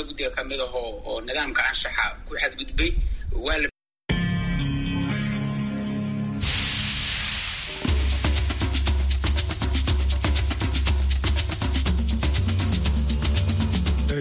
xubno guddiga ka mid ah oo nidaamka anshaxa ku xadgudbay waa la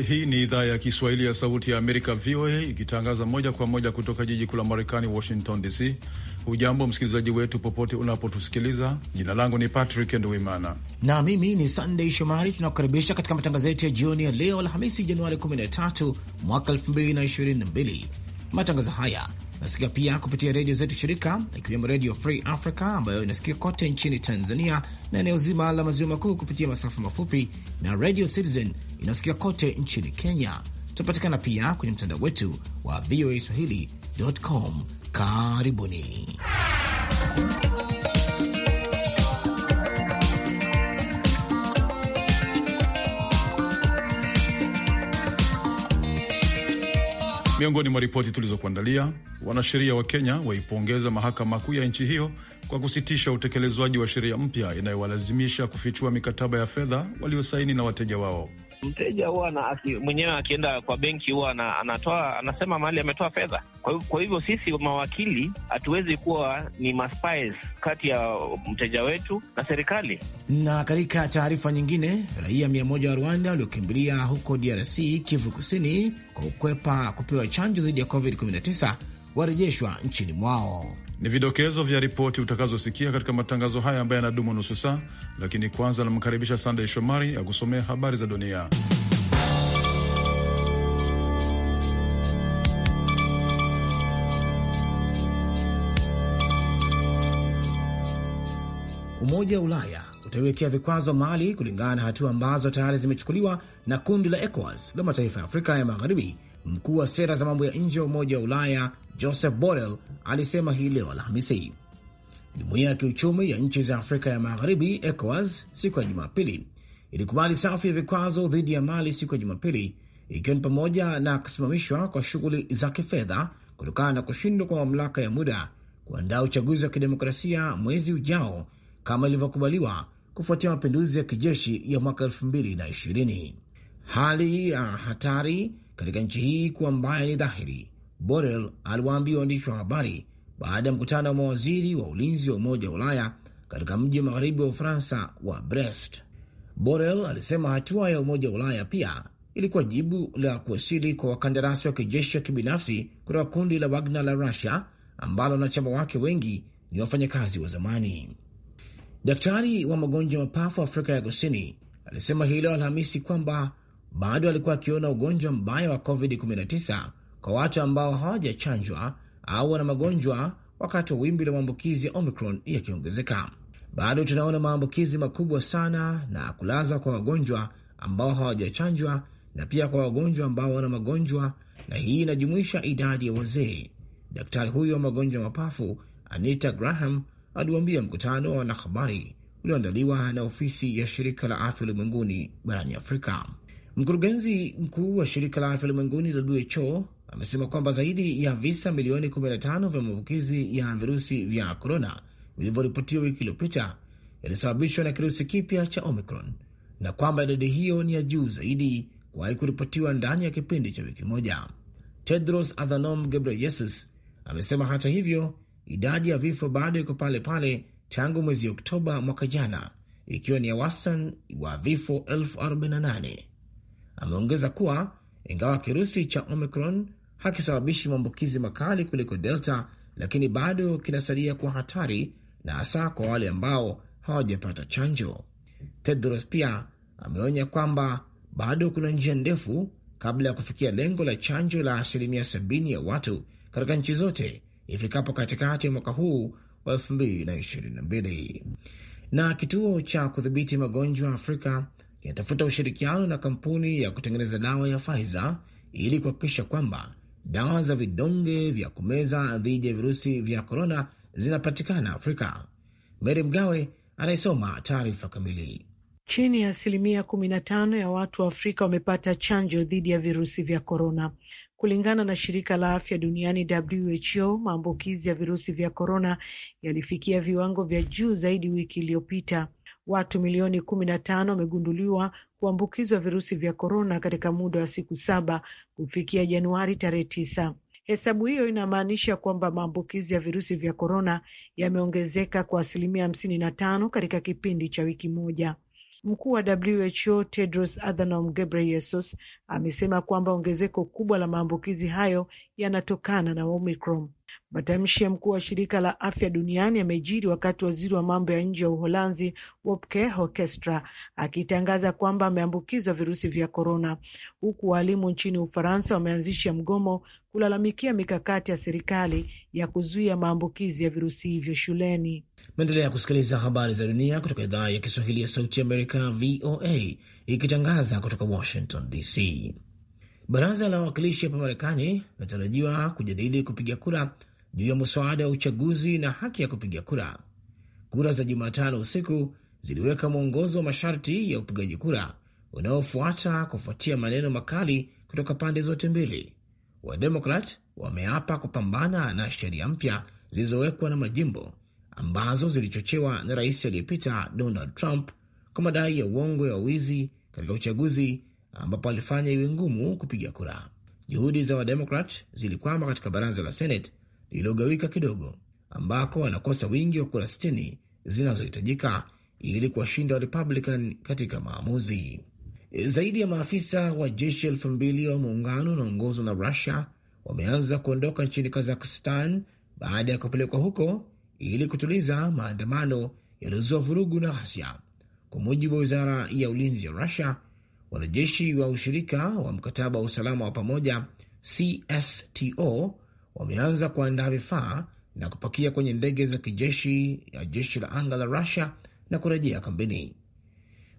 Hii ni idhaa ya Kiswahili ya Sauti ya Amerika, VOA, ikitangaza moja kwa moja kutoka jiji kuu la Marekani, Washington DC. Hujambo msikilizaji wetu popote unapotusikiliza. Jina langu ni Patrick Nduimana na mimi ni Sandey Shomari. Tunakukaribisha katika matangazo yetu ya jioni ya leo Alhamisi, Januari 13 mwaka 2022. Matangazo haya nasikia pia kupitia redio zetu shirika, ikiwemo Redio Free Africa ambayo inasikia kote nchini Tanzania na eneo zima la maziwa makuu kupitia masafa mafupi na Radio Citizen inayosikia kote nchini Kenya. Tunapatikana pia kwenye mtandao wetu wa VOA swahili.com. Karibuni. Miongoni mwa ripoti tulizokuandalia, wanasheria wa Kenya waipongeza mahakama kuu ya nchi hiyo kwa kusitisha utekelezwaji wa sheria mpya inayowalazimisha kufichua mikataba ya fedha waliosaini na wateja wao mteja huwa mwenyewe akienda kwa benki huwa anatoa, anasema mahali ametoa fedha. Kwa, kwa hivyo sisi mawakili hatuwezi kuwa ni maspies kati ya mteja wetu na serikali. Na katika taarifa nyingine, raia mia moja wa Rwanda waliokimbilia huko DRC Kivu Kusini kwa kukwepa kupewa chanjo dhidi ya COVID-19 warejeshwa nchini mwao. Ni vidokezo vya ripoti utakazosikia katika matangazo haya ambayo yanadumu nusu saa, lakini kwanza anamkaribisha Sandey Shomari akusomea habari za dunia. Umoja wa Ulaya utaiwekea vikwazo Mali kulingana na hatua ambazo tayari zimechukuliwa na kundi la ECOWAS la mataifa ya Afrika ya Magharibi. Mkuu wa sera za mambo ya nje wa Umoja wa Ulaya Joseph Borrell alisema hii leo Alhamisi. Jumuiya ya kiuchumi ya nchi za Afrika ya Magharibi, ECOWAS, siku ya Jumapili ilikubali safu ya vikwazo dhidi ya Mali siku ya Jumapili, ikiwa ni pamoja na kusimamishwa kwa shughuli za kifedha kutokana na kushindwa kwa mamlaka ya muda kuandaa uchaguzi wa kidemokrasia mwezi ujao kama ilivyokubaliwa kufuatia mapinduzi ya kijeshi ya mwaka elfu mbili na ishirini. Hali ya hatari katika nchi hii kuwa mbaya ni dhahiri, Borel aliwaambia waandishi wa habari baada ya mkutano wa mawaziri wa ulinzi wa Umoja wa Ulaya katika mji magharibi wa Ufaransa wa Brest. Borel alisema hatua ya Umoja wa Ulaya pia ilikuwa jibu la kuwasili kwa wakandarasi wa kijeshi wa kibinafsi kutoka kundi la Wagner la Rusia ambalo wanachama wake wengi ni wafanyakazi wa zamani. Daktari wa magonjwa mapafu Afrika ya Kusini alisema hii leo Alhamisi kwamba bado alikuwa akiona ugonjwa mbaya wa COVID-19 kwa watu ambao hawajachanjwa au wana magonjwa wakati wa wimbi la maambukizi ya Omicron yakiongezeka. Bado tunaona maambukizi makubwa sana na kulaza kwa wagonjwa ambao hawajachanjwa na pia kwa wagonjwa ambao wana magonjwa, na hii inajumuisha idadi ya wazee. Daktari huyo wa magonjwa mapafu Anita Graham aliwaambia mkutano wa wanahabari ulioandaliwa na ofisi ya shirika la afya ulimwenguni barani Afrika. Mkurugenzi mkuu wa shirika la afya ulimwenguni WHO amesema kwamba zaidi ya visa milioni 15 vya maambukizi ya virusi vya korona vilivyoripotiwa wiki iliyopita yalisababishwa na kirusi kipya cha Omicron na kwamba idadi hiyo ni ya juu zaidi kuwahi kuripotiwa ndani ya kipindi cha wiki moja. Tedros Adhanom Ghebreyesus amesema hata hivyo, idadi ya vifo bado iko pale pale tangu mwezi Oktoba mwaka jana, ikiwa ni ya wastani wa vifo 48. Ameongeza kuwa ingawa kirusi cha Omicron hakisababishi maambukizi makali kuliko Delta, lakini bado kinasalia kuwa hatari na hasa kwa wale ambao hawajapata chanjo. Tedros pia ameonya kwamba bado kuna njia ndefu kabla ya kufikia lengo la chanjo la asilimia sabini ya watu katika nchi zote ifikapo katikati ya mwaka huu wa 2022. Na kituo cha kudhibiti magonjwa Afrika kinatafuta ushirikiano na kampuni ya kutengeneza dawa ya Pfizer ili kuhakikisha kwamba dawa za vidonge vya kumeza dhidi ya virusi vya korona zinapatikana Afrika. mary Mgawe anayesoma taarifa kamili. Chini ya asilimia kumi na tano ya watu wa Afrika wamepata chanjo dhidi ya virusi vya korona, kulingana na shirika la afya duniani WHO. Maambukizi ya virusi vya korona yalifikia viwango vya juu zaidi wiki iliyopita. Watu milioni kumi na tano wamegunduliwa kuambukizwa virusi vya korona katika muda wa siku saba kufikia Januari tarehe tisa. Hesabu hiyo inamaanisha kwamba maambukizi ya virusi vya korona yameongezeka kwa asilimia hamsini na tano katika kipindi cha wiki moja. Mkuu wa WHO Tedros Adhanom Ghebreyesus amesema kwamba ongezeko kubwa la maambukizi hayo yanatokana na Omicron. Matamshi ya mkuu wa shirika la afya duniani yamejiri wakati waziri wa mambo ya nje ya Uholanzi Wopke Hoekstra akitangaza kwamba ameambukizwa virusi vya korona, huku waalimu nchini Ufaransa wameanzisha mgomo kulalamikia mikakati ya serikali ya kuzuia maambukizi ya virusi hivyo shuleni. Naendelea kusikiliza habari za dunia kutoka idhaa ya Kiswahili ya Sauti ya Amerika, VOA, ikitangaza kutoka Washington DC. Baraza la wawakilishi hapa Marekani linatarajiwa kujadili kupiga kura juu ya mswada wa uchaguzi na haki ya kupiga kura. Kura za Jumatano usiku ziliweka mwongozo wa masharti ya upigaji kura unaofuata kufuatia maneno makali kutoka pande zote mbili. Wademokrat wameapa kupambana na sheria mpya zilizowekwa na majimbo ambazo zilichochewa na rais aliyepita Donald Trump kwa madai ya uongo ya wizi katika uchaguzi ambapo alifanya iwe ngumu kupiga kura. Juhudi za Wademokrat zilikwama katika baraza la Senate lililogawika kidogo, ambako wanakosa wingi wa kura sitini zinazohitajika ili kuwashinda wa Republican katika maamuzi. Zaidi ya maafisa wa jeshi elfu mbili wa muungano unaongozwa na Rusia wameanza kuondoka nchini Kazakhstan baada ya kupelekwa huko ili kutuliza maandamano yaliyozua vurugu na ghasia, kwa mujibu wa wizara ya ulinzi ya Rusia. Wanajeshi wa ushirika wa mkataba wa usalama wa pamoja CSTO wameanza kuandaa vifaa na kupakia kwenye ndege za kijeshi ya jeshi la anga la Rusia na kurejea kambini.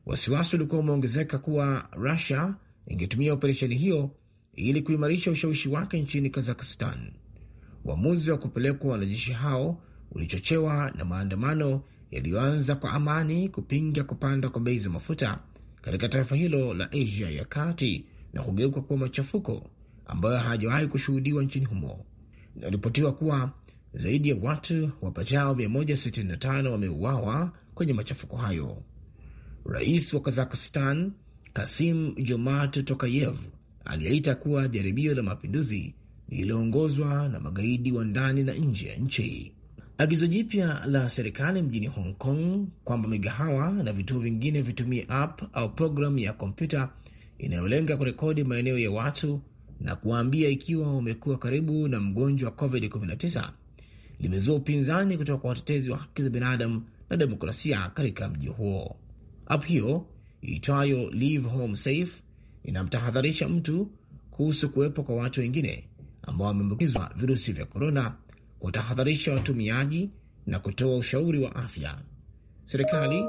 Wasiwasi ulikuwa umeongezeka kuwa Rusia ingetumia operesheni hiyo ili kuimarisha ushawishi wake nchini Kazakistan. Uamuzi wa kupelekwa wanajeshi hao ulichochewa na maandamano yaliyoanza kwa amani kupinga kupanda kwa bei za mafuta katika taifa hilo la Asia ya kati na kugeuka kuwa machafuko ambayo hayajawahi kushuhudiwa nchini humo inaripotiwa kuwa zaidi ya watu wapatao 165 wameuawa kwenye machafuko hayo. Rais wa Kazakistan Kasim Jomart Tokayev aliyeita kuwa jaribio la mapinduzi lililoongozwa na magaidi wa ndani na nje ya nchi. Agizo jipya la serikali mjini Hong Kong kwamba migahawa na vituo vingine vitumie app au programu ya kompyuta inayolenga kurekodi maeneo ya watu na kuwaambia ikiwa umekuwa karibu na mgonjwa wa COVID-19 limezua upinzani kutoka kwa watetezi wa haki za binadamu na demokrasia katika mji huo. App hiyo iitwayo Leave Home Safe inamtahadharisha mtu kuhusu kuwepo kwa watu wengine ambao wameambukizwa virusi vya korona, kutahadharisha watumiaji na kutoa ushauri wa afya. Serikali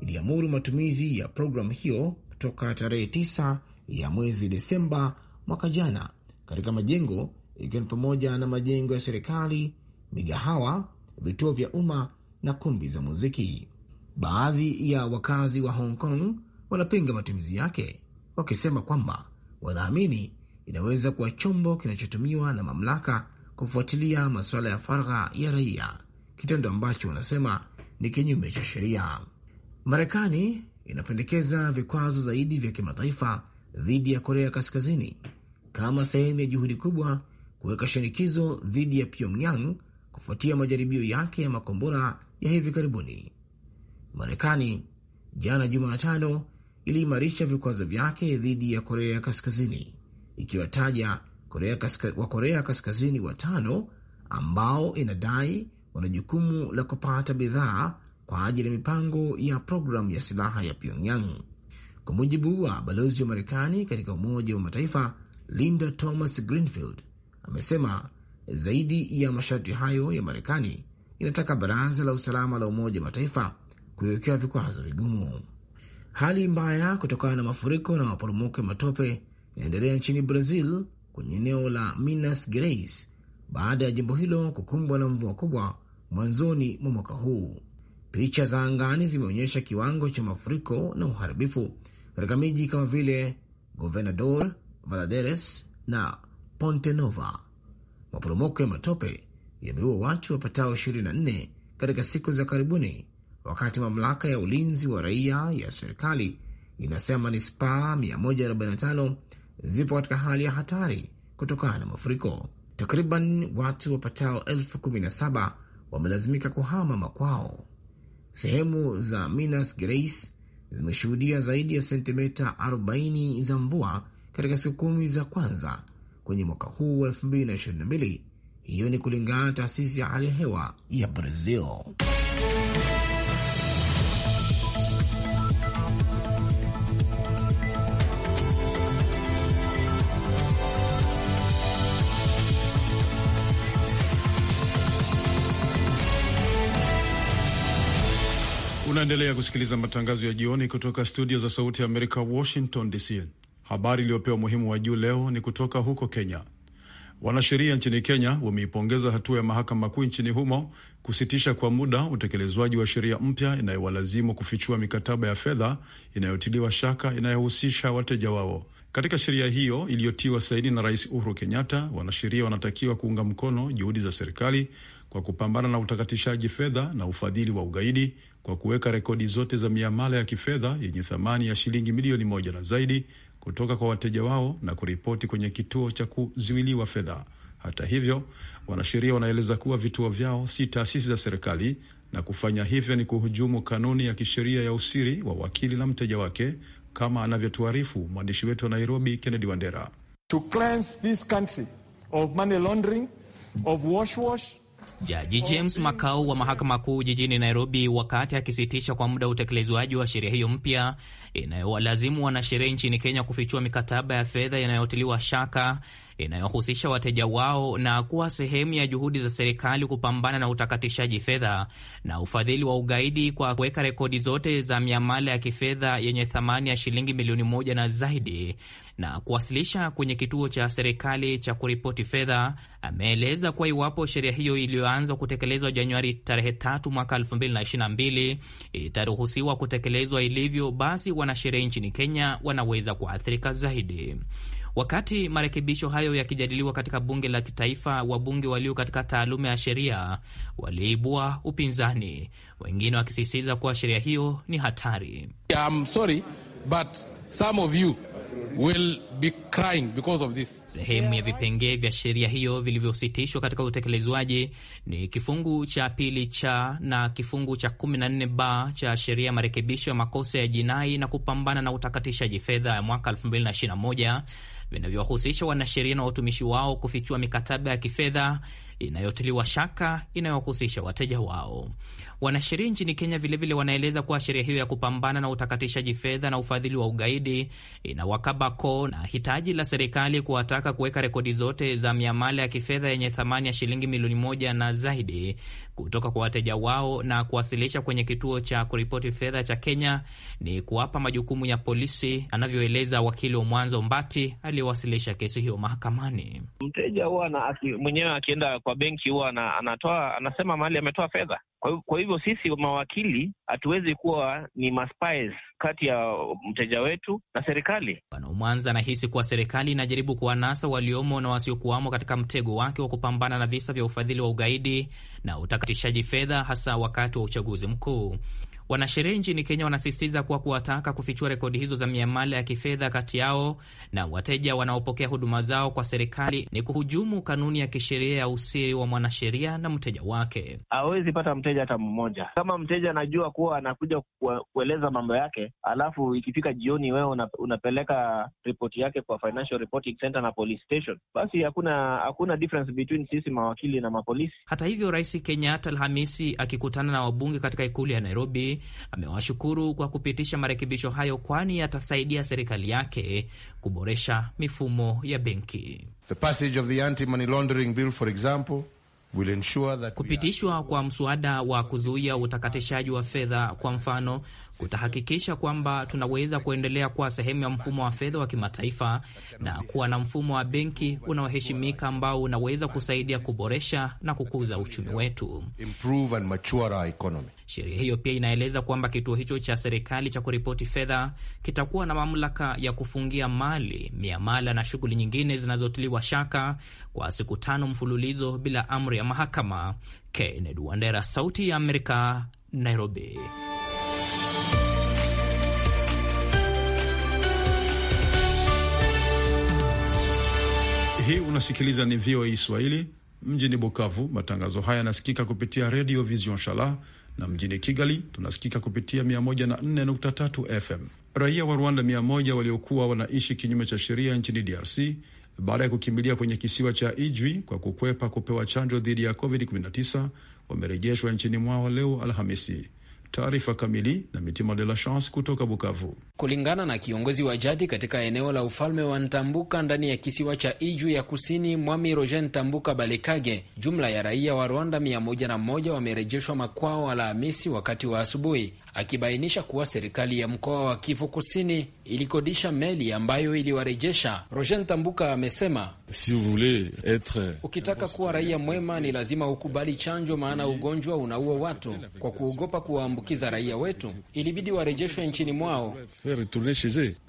iliamuru matumizi ya programu hiyo kutoka tarehe 9 ya mwezi Desemba mwaka jana katika majengo, ikiwa ni pamoja na majengo ya serikali, migahawa, vituo vya umma na kumbi za muziki. Baadhi ya wakazi wa Hong Kong wanapinga matumizi yake, wakisema kwamba wanaamini inaweza kuwa chombo kinachotumiwa na mamlaka kufuatilia masuala ya faragha ya raia, kitendo ambacho wanasema ni kinyume cha sheria. Marekani inapendekeza vikwazo zaidi vya kimataifa dhidi ya Korea Kaskazini kama sehemu ya juhudi kubwa kuweka shinikizo dhidi ya Pyongyang kufuatia majaribio yake ya makombora ya hivi karibuni. Marekani jana Jumatano iliimarisha vikwazo vyake dhidi ya Korea Kaskazini, ikiwataja Korea kaska, wa Korea Kaskazini watano ambao inadai wana jukumu la kupata bidhaa kwa ajili ya mipango ya programu ya silaha ya Pyongyang. Kwa mujibu wa balozi wa Marekani katika Umoja wa Mataifa Linda Thomas Greenfield amesema zaidi ya masharti hayo ya Marekani inataka Baraza la Usalama la Umoja wa Mataifa kuiwekewa vikwazo vigumu. Hali mbaya kutokana na mafuriko na maporomoko ya matope inaendelea nchini Brazil kwenye eneo la Minas Gerais baada ya jimbo hilo kukumbwa na mvua kubwa mwanzoni mwa mwaka huu. Picha za angani zimeonyesha kiwango cha mafuriko na uharibifu katika miji kama vile Governador Valadares na Ponte Nova. Maporomoko ya matope yameua watu wapatao 24 katika siku za karibuni, wakati mamlaka ya ulinzi wa raia ya serikali inasema ni spa 145 zipo katika hali ya hatari kutokana na mafuriko. Takriban watu wapatao elfu kumi na saba wamelazimika kuhama makwao. Sehemu za Minas Gerais zimeshuhudia zaidi ya sentimita 40 za mvua katika siku kumi za kwanza kwenye mwaka huu wa 2022. Hiyo ni kulingana na taasisi ya hali ya hewa ya Brazil. Unaendelea kusikiliza matangazo ya jioni kutoka studio za Sauti ya Amerika, Washington DC. Habari iliyopewa umuhimu wa juu leo ni kutoka huko Kenya. Wanasheria nchini Kenya wameipongeza hatua ya mahakama kuu nchini humo kusitisha kwa muda utekelezwaji wa sheria mpya inayowalazimu kufichua mikataba ya fedha inayotiliwa shaka inayohusisha wateja wao. Katika sheria hiyo iliyotiwa saini na Rais Uhuru Kenyatta, wanasheria wanatakiwa kuunga mkono juhudi za serikali kwa kupambana na utakatishaji fedha na ufadhili wa ugaidi kwa kuweka rekodi zote za miamala ya kifedha yenye thamani ya shilingi milioni moja na zaidi kutoka kwa wateja wao na kuripoti kwenye kituo cha kuzuiliwa fedha. Hata hivyo, wanasheria wanaeleza kuwa vituo vyao si taasisi za serikali na kufanya hivyo ni kuhujumu kanuni ya kisheria ya usiri wa wakili na mteja wake, kama anavyotuarifu mwandishi wetu wa Nairobi, Kennedy Wandera. To cleanse this country of money laundering, of wash wash Jaji James Makau wa mahakama kuu jijini Nairobi, wakati akisitisha kwa muda utekelezwaji wa sheria hiyo mpya inayowalazimu wanasheria nchini Kenya kufichua mikataba ya fedha inayotiliwa shaka inayohusisha wateja wao na kuwa sehemu ya juhudi za serikali kupambana na utakatishaji fedha na ufadhili wa ugaidi kwa kuweka rekodi zote za miamala ya kifedha yenye thamani ya shilingi milioni moja na zaidi na kuwasilisha kwenye kituo cha serikali cha kuripoti fedha, ameeleza kuwa iwapo sheria hiyo iliyoanza kutekelezwa Januari tarehe tatu mwaka 2022 itaruhusiwa kutekelezwa ilivyo, basi wanasheria nchini Kenya wanaweza kuathirika zaidi. Wakati marekebisho hayo yakijadiliwa katika bunge la kitaifa, wabunge walio katika taaluma ya sheria waliibua upinzani, wengine wakisisitiza kuwa sheria hiyo ni hatari. I'm sorry, but... Some of you will be crying because of this. Sehemu ya vipengee vya sheria hiyo vilivyositishwa katika utekelezwaji ni kifungu cha pili cha na kifungu cha 14 ba cha sheria ya marekebisho ya makosa ya jinai na kupambana na utakatishaji fedha ya mwaka 2021 vinavyowahusisha wanasheria na watumishi wao kufichua mikataba ya kifedha inayotiliwa shaka inayohusisha wateja wao. Wanasheria nchini Kenya vilevile wanaeleza kuwa sheria hiyo ya kupambana na utakatishaji fedha na ufadhili wa ugaidi inawakaba koo na hitaji la serikali kuwataka kuweka rekodi zote za miamala ya kifedha yenye thamani ya shilingi milioni moja na zaidi kutoka kwa wateja wao na kuwasilisha kwenye kituo cha kuripoti fedha cha Kenya ni kuwapa majukumu ya polisi, anavyoeleza wakili wa mwanzo Mbati aliyewasilisha kesi hiyo mahakamani. Mteja huwa mwenyewe akienda kwa benki huwa anatoa anasema mahali ametoa fedha. Kwa, hivyo sisi mawakili hatuwezi kuwa ni maspies kati ya mteja wetu na serikali. Bwana Umwanza anahisi kuwa serikali inajaribu kuwanasa waliomo na wasiokuwamo katika mtego wake wa kupambana na visa vya ufadhili wa ugaidi na utakatishaji fedha hasa wakati wa uchaguzi mkuu. Wanasheria nchini Kenya wanasisitiza kuwa kuwataka kufichua rekodi hizo za miamala ya kifedha kati yao na wateja wanaopokea huduma zao kwa serikali ni kuhujumu kanuni ya kisheria ya usiri wa mwanasheria na mteja wake. Hawezi pata mteja hata mmoja. Kama mteja anajua kuwa anakuja kueleza mambo yake, alafu ikifika jioni wewe unapeleka ripoti yake kwa Financial Reporting Center na police station, basi hakuna hakuna difference between sisi mawakili na mapolisi. Hata hivyo, Rais Kenyatta Alhamisi akikutana na wabunge katika ikulu ya Nairobi amewashukuru kwa kupitisha marekebisho hayo, kwani yatasaidia serikali yake kuboresha mifumo ya benki. kupitishwa kwa mswada wa kuzuia utakatishaji wa fedha kwa mfano kutahakikisha kwamba tunaweza kuendelea kuwa sehemu ya mfumo wa fedha wa kimataifa na kuwa na mfumo wa benki unaoheshimika ambao unaweza kusaidia kuboresha na kukuza uchumi wetu. Sheria hiyo pia inaeleza kwamba kituo hicho cha serikali cha kuripoti fedha kitakuwa na mamlaka ya kufungia mali, miamala na shughuli nyingine zinazotiliwa shaka kwa siku tano mfululizo bila amri ya mahakama. Kennedy Wandera, Sauti ya Amerika, Nairobi. Hii unasikiliza ni VOA Swahili mjini Bukavu. Matangazo haya yanasikika kupitia Radio Vision Shala na mjini Kigali tunasikika kupitia 104.3 FM. Raia wa Rwanda 100 waliokuwa wanaishi kinyume cha sheria nchini DRC baada ya kukimbilia kwenye kisiwa cha Ijwi kwa kukwepa kupewa chanjo dhidi ya COVID-19 wamerejeshwa nchini mwao leo Alhamisi. Taarifa kamili na Mitima de la Chance kutoka Bukavu. Kulingana na kiongozi wa jadi katika eneo la ufalme wa Ntambuka ndani ya kisiwa cha Iju ya kusini, Mwami Roje Ntambuka Balekage, jumla ya raia wa Rwanda mia wamerejeshwa makwao Alhamisi wakati wa asubuhi akibainisha kuwa serikali ya mkoa wa Kivu Kusini ilikodisha meli ambayo iliwarejesha. Rojen Tambuka amesema si etre, ukitaka kuwa raia mwema ni lazima ukubali chanjo, maana ugonjwa unaua watu. Kwa kuogopa kuwaambukiza raia wetu, ilibidi warejeshwe nchini mwao.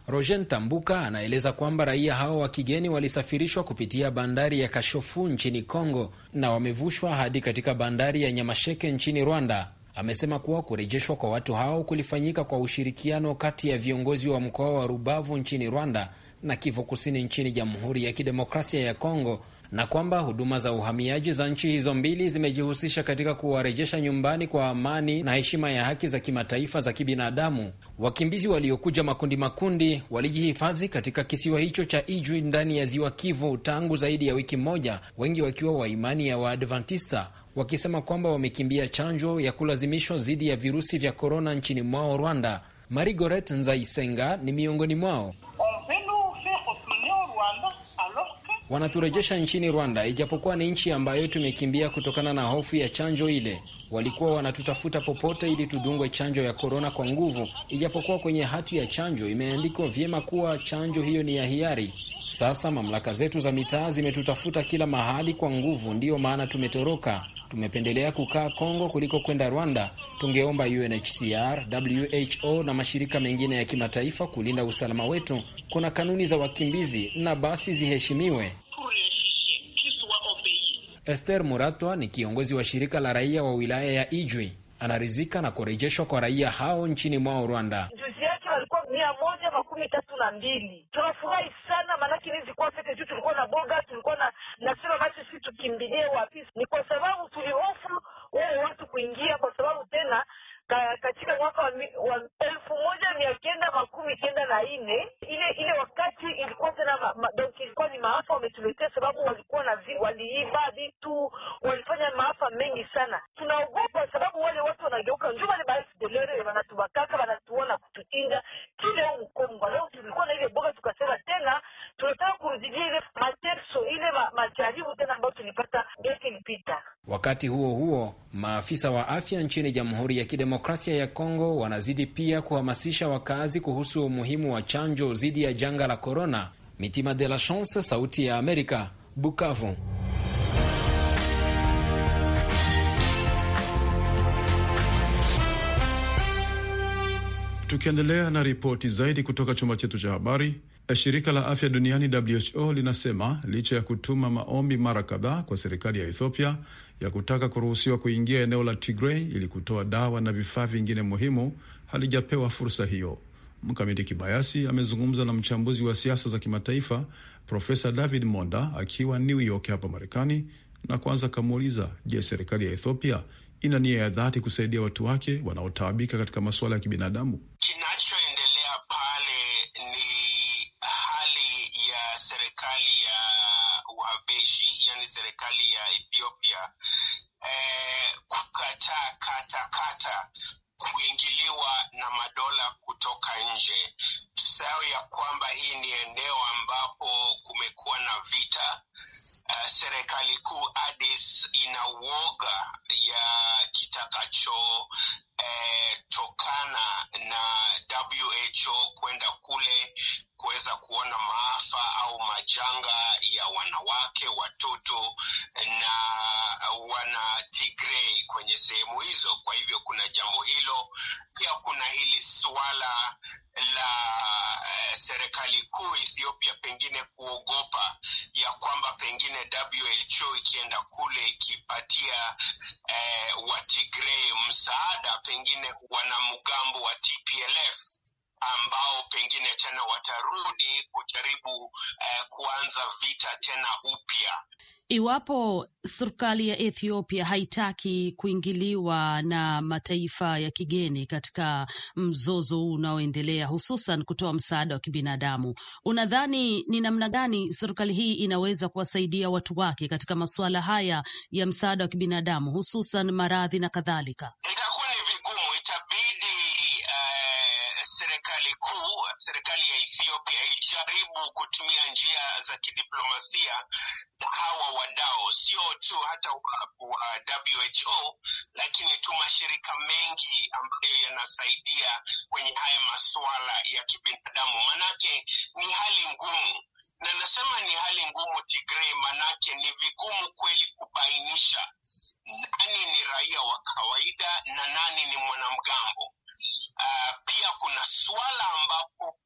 Rojen Tambuka anaeleza kwamba raia hao wa kigeni walisafirishwa kupitia bandari ya Kashofu nchini Kongo na wamevushwa hadi katika bandari ya Nyamasheke nchini Rwanda amesema kuwa kurejeshwa kwa watu hao kulifanyika kwa ushirikiano kati ya viongozi wa mkoa wa Rubavu nchini Rwanda na Kivu Kusini nchini Jamhuri ya Kidemokrasia ya Kongo na kwamba huduma za uhamiaji za nchi hizo mbili zimejihusisha katika kuwarejesha nyumbani kwa amani na heshima ya haki za kimataifa za kibinadamu. Wakimbizi waliokuja makundi makundi walijihifadhi katika kisiwa hicho cha Ijwi ndani ya ziwa Kivu tangu zaidi ya wiki moja, wengi wakiwa wa imani ya Waadventista wakisema kwamba wamekimbia chanjo ya kulazimishwa dhidi ya virusi vya korona nchini mwao Rwanda. Marigoret Nzaisenga ni miongoni mwao. wanaturejesha nchini Rwanda, ijapokuwa ni nchi ambayo tumekimbia kutokana na hofu ya chanjo ile. Walikuwa wanatutafuta popote ili tudungwe chanjo ya korona kwa nguvu, ijapokuwa kwenye hati ya chanjo imeandikwa vyema kuwa chanjo hiyo ni ya hiari. Sasa mamlaka zetu za mitaa zimetutafuta kila mahali kwa nguvu, ndiyo maana tumetoroka. Tumependelea kukaa Kongo kuliko kwenda Rwanda. Tungeomba UNHCR, WHO na mashirika mengine ya kimataifa kulinda usalama wetu kuna kanuni za wakimbizi na basi ziheshimiwe. Esther Muratwa ni kiongozi wa shirika la raia wa wilaya ya Ijwi, anaridhika na kurejeshwa kwa raia hao nchini mwao Rwanda. Juzi yake walikuwa mia moja makumi tatu na mbili. Tunafurahi sana maanake nizikuwa fete juu, tulikuwa na boga, tulikuwa na nasema basi sisi tukimbilie wapi? Ni kwa sababu tulihofu wale watu kuingia, kwa sababu tena ka, katika mwaka wa, wa elfu moja mia kenda makumi kenda na nne ile ile wakati ilikuwa tena ma, ilikuwa ni maafa wametuletea, sababu walikuwa na waliiba vitu, walifanya maafa mengi sana. Wakati huo huo, maafisa wa afya nchini Jamhuri ya Kidemokrasia ya Kongo wanazidi pia kuhamasisha wakazi kuhusu umuhimu wa chanjo dhidi ya janga la korona. Mitima de la Chance, Sauti ya Amerika, Bukavu. Tukiendelea na ripoti zaidi kutoka chumba chetu cha habari. E, shirika la afya duniani WHO linasema licha ya kutuma maombi mara kadhaa kwa serikali ya Ethiopia ya kutaka kuruhusiwa kuingia eneo la Tigray ili kutoa dawa na vifaa vingine muhimu, halijapewa fursa hiyo. Mkamiti Kibayasi amezungumza na mchambuzi wa siasa za kimataifa Profesa David Monda akiwa New York hapa Marekani, na kwanza akamuuliza, je, serikali ya Ethiopia ina nia ya dhati kusaidia watu wake wanaotaabika katika masuala ya kibinadamu? Kina serikali kuu Ethiopia pengine kuogopa ya kwamba pengine WHO ikienda kule ikipatia eh, Watigrei msaada pengine wanamgambo wa TPLF ambao pengine tena watarudi kujaribu eh, kuanza vita tena upya iwapo serikali ya Ethiopia haitaki kuingiliwa na mataifa ya kigeni katika mzozo huu unaoendelea, hususan kutoa msaada wa kibinadamu. Unadhani ni namna gani serikali hii inaweza kuwasaidia watu wake katika masuala haya ya msaada wa kibinadamu, hususan maradhi na kadhalika? Itakuwa ni diplomasia na hawa wadao sio tu hata wa, WHO, lakini tu mashirika mengi ambayo yanasaidia kwenye haya masuala ya kibinadamu. Manake ni hali ngumu, na nasema ni hali ngumu tigre manake ni vigumu kweli kubainisha nani ni raia wa kawaida na nani ni mwanamgambo Uh, pia kuna swala ambapo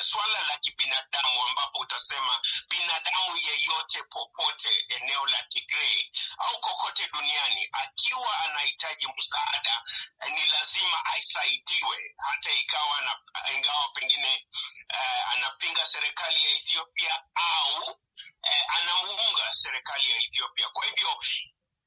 swala la kibinadamu ambapo utasema binadamu yeyote popote eneo la Tigray au kokote duniani akiwa anahitaji msaada eh, ni lazima aisaidiwe hata ikawa na, ingawa pengine uh, anapinga serikali ya Ethiopia au uh, anamuunga serikali ya Ethiopia. Kwa hivyo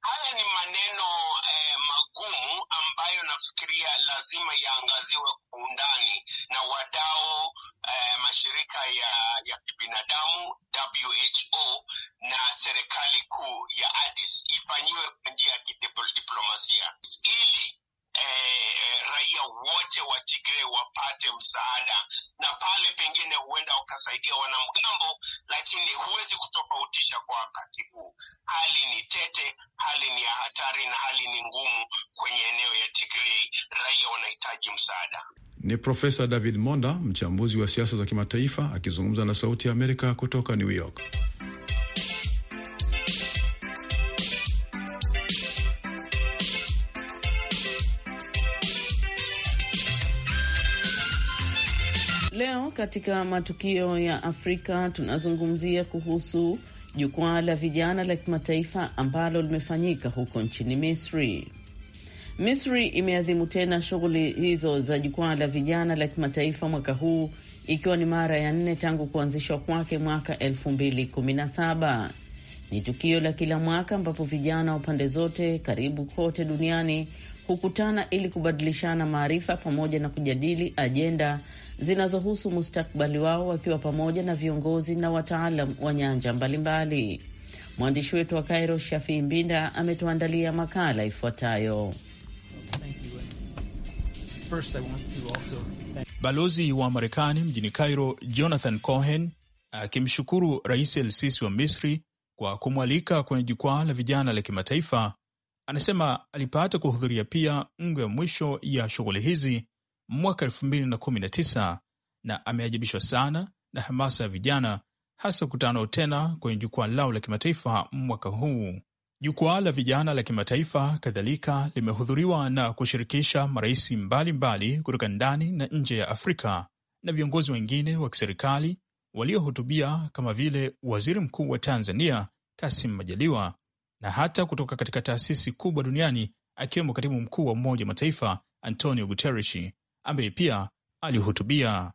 Haya ni maneno eh, magumu ambayo nafikiria lazima yaangaziwe kwa undani na wadau eh, mashirika ya, ya kibinadamu WHO na serikali kuu ya Addis ifanyiwe kwa njia Ni Profesa David Monda, mchambuzi wa siasa za kimataifa, akizungumza na Sauti ya Amerika kutoka New York. Leo katika matukio ya Afrika tunazungumzia kuhusu jukwaa la vijana la kimataifa ambalo limefanyika huko nchini Misri. Misri imeadhimu tena shughuli hizo za jukwaa la vijana la kimataifa mwaka huu ikiwa ni mara ya nne tangu kuanzishwa kwake mwaka elfu Ni tukio la kila mwaka ambapo vijana wa pande zote karibu kote duniani hukutana ili kubadilishana maarifa pamoja na kujadili ajenda zinazohusu mustakbali wao wakiwa pamoja na viongozi na wataalam wa nyanja mbalimbali. Mwandishi wetu wa Kairo, Shafii Mbinda, ametuandalia makala ifuatayo. First, I want to also thank... Balozi wa Marekani mjini Cairo Jonathan Cohen akimshukuru Rais El-Sisi wa Misri kwa kumwalika kwenye jukwaa la vijana la kimataifa, anasema alipata kuhudhuria pia ngo ya mwisho ya shughuli hizi mwaka 219 na ameajibishwa sana na hamasa ya vijana, hasa kutanao tena kwenye jukwaa lao la kimataifa mwaka huu. Jukwaa la vijana la kimataifa kadhalika limehudhuriwa na kushirikisha marais mbalimbali kutoka ndani na nje ya Afrika na viongozi wengine wa kiserikali waliohutubia kama vile waziri mkuu wa Tanzania kasim Majaliwa na hata kutoka katika taasisi kubwa duniani akiwemo katibu mkuu wa Umoja wa Mataifa Antonio Guterres ambaye pia alihutubia.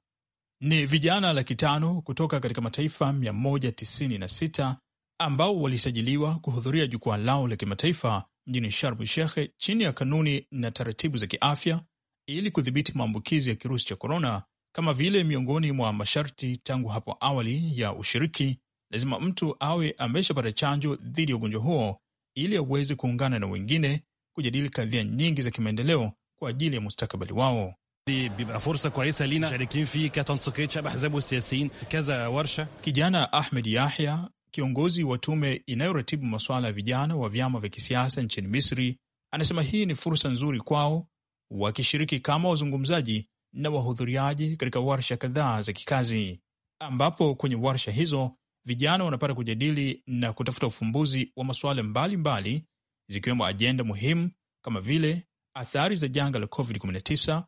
Ni vijana laki tano kutoka katika mataifa 196 ambao walisajiliwa kuhudhuria jukwaa lao la kimataifa mjini Sharm El Sheikh chini ya kanuni na taratibu za kiafya ili kudhibiti maambukizi ya kirusi cha korona, kama vile miongoni mwa masharti tangu hapo awali ya ushiriki, lazima mtu awe ameshapata chanjo dhidi ya ugonjwa huo ili aweze kuungana na wengine kujadili kadhia nyingi za kimaendeleo kwa ajili ya mustakabali wao. Kijana Ahmed Yahya kiongozi wa tume inayoratibu masuala ya vijana wa vyama vya kisiasa nchini Misri, anasema hii ni fursa nzuri kwao, wakishiriki kama wazungumzaji na wahudhuriaji katika warsha kadhaa za kikazi, ambapo kwenye warsha hizo vijana wanapata kujadili na kutafuta ufumbuzi wa masuala mbalimbali, zikiwemo ajenda muhimu kama vile athari za janga la COVID-19,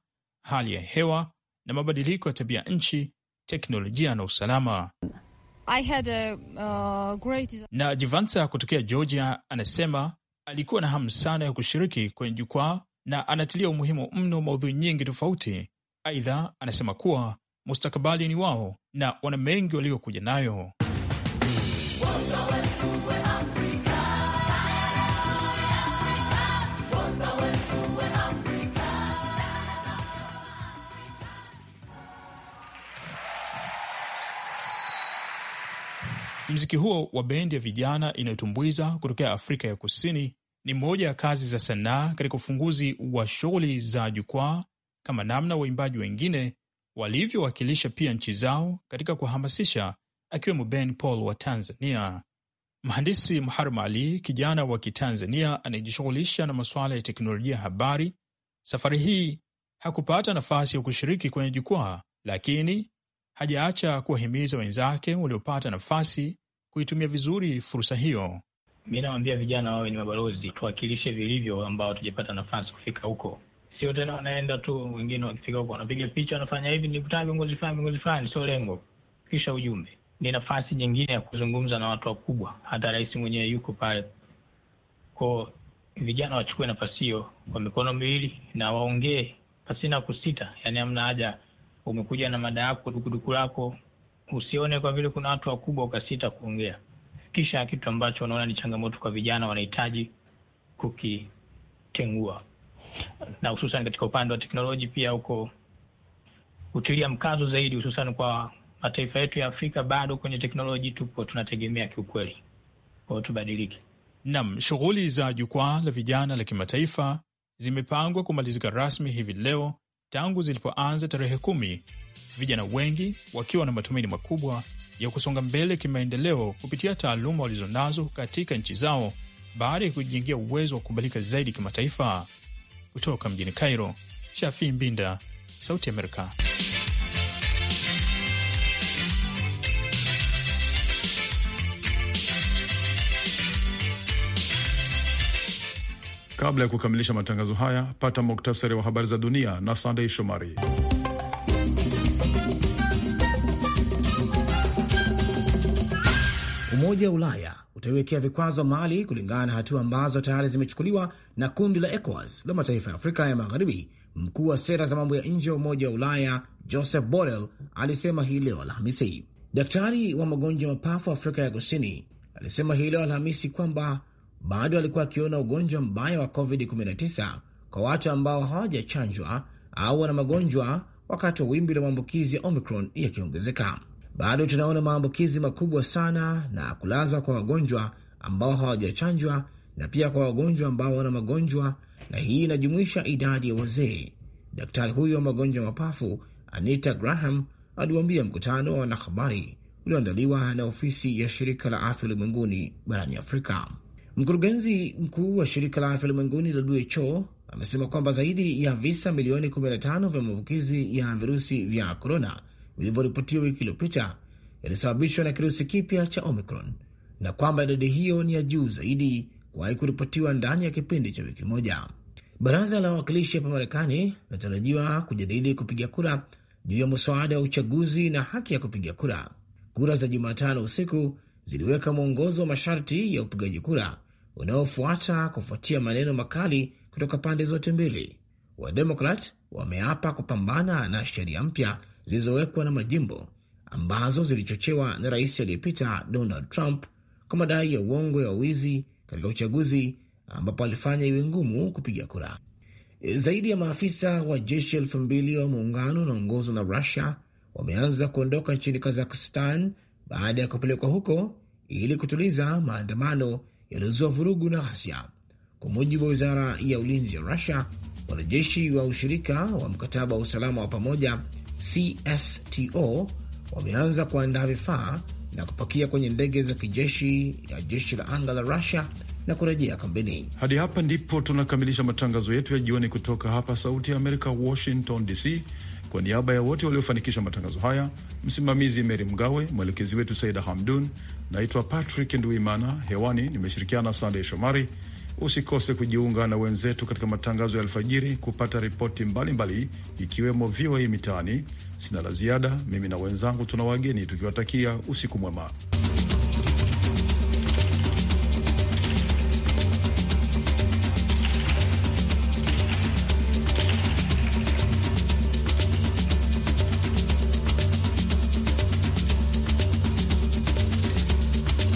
hali ya hewa na mabadiliko ya tabia nchi, teknolojia na usalama. I had a, uh, great... na Jivansa kutokea Georgia anasema alikuwa na hamu sana ya kushiriki kwenye jukwaa na anatilia umuhimu mno maudhui nyingi tofauti. Aidha, anasema kuwa mustakabali ni wao na wana mengi waliokuja nayo. Mziki huo wa bendi ya vijana inayotumbuiza kutokea Afrika ya Kusini ni moja ya kazi za sanaa katika ufunguzi wa shughuli za jukwaa, kama namna waimbaji wengine walivyowakilisha pia nchi zao katika kuhamasisha, akiwemo Ben Paul wa Tanzania. Mhandisi Muharram Ali, kijana wa Kitanzania anayejishughulisha na masuala ya teknolojia habari, safari hii hakupata nafasi ya kushiriki kwenye jukwaa, lakini hajaacha kuwahimiza wenzake waliopata nafasi kuitumia vizuri fursa hiyo. Mi nawambia vijana wawe ni mabalozi, tuwakilishe vilivyo ambao tujapata nafasi kufika huko. Sio tena wanaenda tu, wengine wakifika huko wanapiga picha, wanafanya hivi, nikutana viongozi fulani, viongozi fulani, sio lengo. Kisha ujumbe ni nafasi nyingine ya kuzungumza na watu wakubwa, hata rais mwenyewe yuko pale ko vijana wachukue nafasi hiyo kwa mikono miwili na waongee pasina kusita, yani hamna haja umekuja na mada yako, dukuduku lako, usione kwa vile kuna watu wakubwa ukasita kuongea. Kisha kitu ambacho unaona ni changamoto kwa vijana, wanahitaji kukitengua, na hususan katika upande wa teknoloji pia huko kutilia mkazo zaidi, hususan kwa mataifa yetu ya Afrika. Bado kwenye teknoloji tupo tunategemea kiukweli, kwao tubadilike. Nam, shughuli za jukwaa la vijana la kimataifa zimepangwa kumalizika rasmi hivi leo Tangu zilipoanza tarehe kumi, vijana wengi wakiwa na matumaini makubwa ya kusonga mbele kimaendeleo kupitia taaluma walizonazo katika nchi zao baada ya kujingia uwezo wa kukubalika zaidi kimataifa. Kutoka mjini Cairo, Shafii Mbinda, Sauti Amerika. Kabla ya kukamilisha matangazo haya, pata muktasari wa habari za dunia na Sandei Shomari. Umoja wa Ulaya utaiwekea vikwazo Mali kulingana na hatua ambazo tayari zimechukuliwa na kundi la ECOWAS la mataifa ya Afrika ya Magharibi. Mkuu wa sera za mambo ya nje wa Umoja wa Ulaya Joseph Borrell alisema hii leo Alhamisi. Daktari wa magonjwa mapafu Afrika ya Kusini alisema hii leo Alhamisi kwamba bado alikuwa akiona ugonjwa mbaya wa COVID-19 kwa watu ambao hawajachanjwa au wana magonjwa, wakati wa wimbi la maambukizi ya Omicron yakiongezeka. Bado tunaona maambukizi makubwa sana na kulaza kwa wagonjwa ambao hawajachanjwa na pia kwa wagonjwa ambao wana magonjwa, na hii inajumuisha idadi ya wazee. Daktari huyo wa magonjwa mapafu Anita Graham aliwaambia mkutano wa wanahabari ulioandaliwa na ofisi ya shirika la afya ulimwenguni barani Afrika. Mkurugenzi mkuu wa shirika la afya ulimwenguni la WHO amesema kwamba zaidi ya visa milioni 15 vya maambukizi ya virusi vya korona vilivyoripotiwa wiki iliyopita yalisababishwa na kirusi kipya cha Omicron na kwamba idadi hiyo ni ya juu zaidi kuwahi kuripotiwa ndani ya kipindi cha wiki moja. Baraza la wawakilishi hapa Marekani linatarajiwa kujadili kupiga kura juu ya mswada wa uchaguzi na haki ya kupiga kura. Kura za Jumatano usiku ziliweka mwongozo wa masharti ya upigaji kura unaofuata kufuatia maneno makali kutoka pande zote mbili. Wademokrat wameapa kupambana na sheria mpya zilizowekwa na majimbo ambazo zilichochewa na rais aliyepita Donald Trump kwa madai ya uongo ya wizi katika uchaguzi ambapo alifanya iwe ngumu kupiga kura. Zaidi ya maafisa wa jeshi elfu mbili wa muungano unaongozwa na Rusia wameanza kuondoka nchini Kazakhstan baada ya kupelekwa huko ili kutuliza maandamano yaliozua vurugu na ghasia. Kwa mujibu wa wizara ya ulinzi ya Rusia, wanajeshi wa ushirika wa mkataba wa usalama wa pamoja CSTO wameanza kuandaa vifaa na kupakia kwenye ndege za kijeshi ya jeshi la anga la Rusia na kurejea kambini. Hadi hapa ndipo tunakamilisha matangazo yetu ya jioni kutoka hapa Sauti ya Amerika, Washington DC. Kwa niaba ya wote waliofanikisha matangazo haya, msimamizi Meri Mgawe, mwelekezi wetu Saida Hamdun, naitwa Patrick Nduimana. Hewani nimeshirikiana Sandey Shomari. Usikose kujiunga na wenzetu katika matangazo ya alfajiri kupata ripoti mbalimbali, ikiwemo VOA Mitaani. Sina la ziada, mimi na wenzangu tuna wageni tukiwatakia usiku mwema.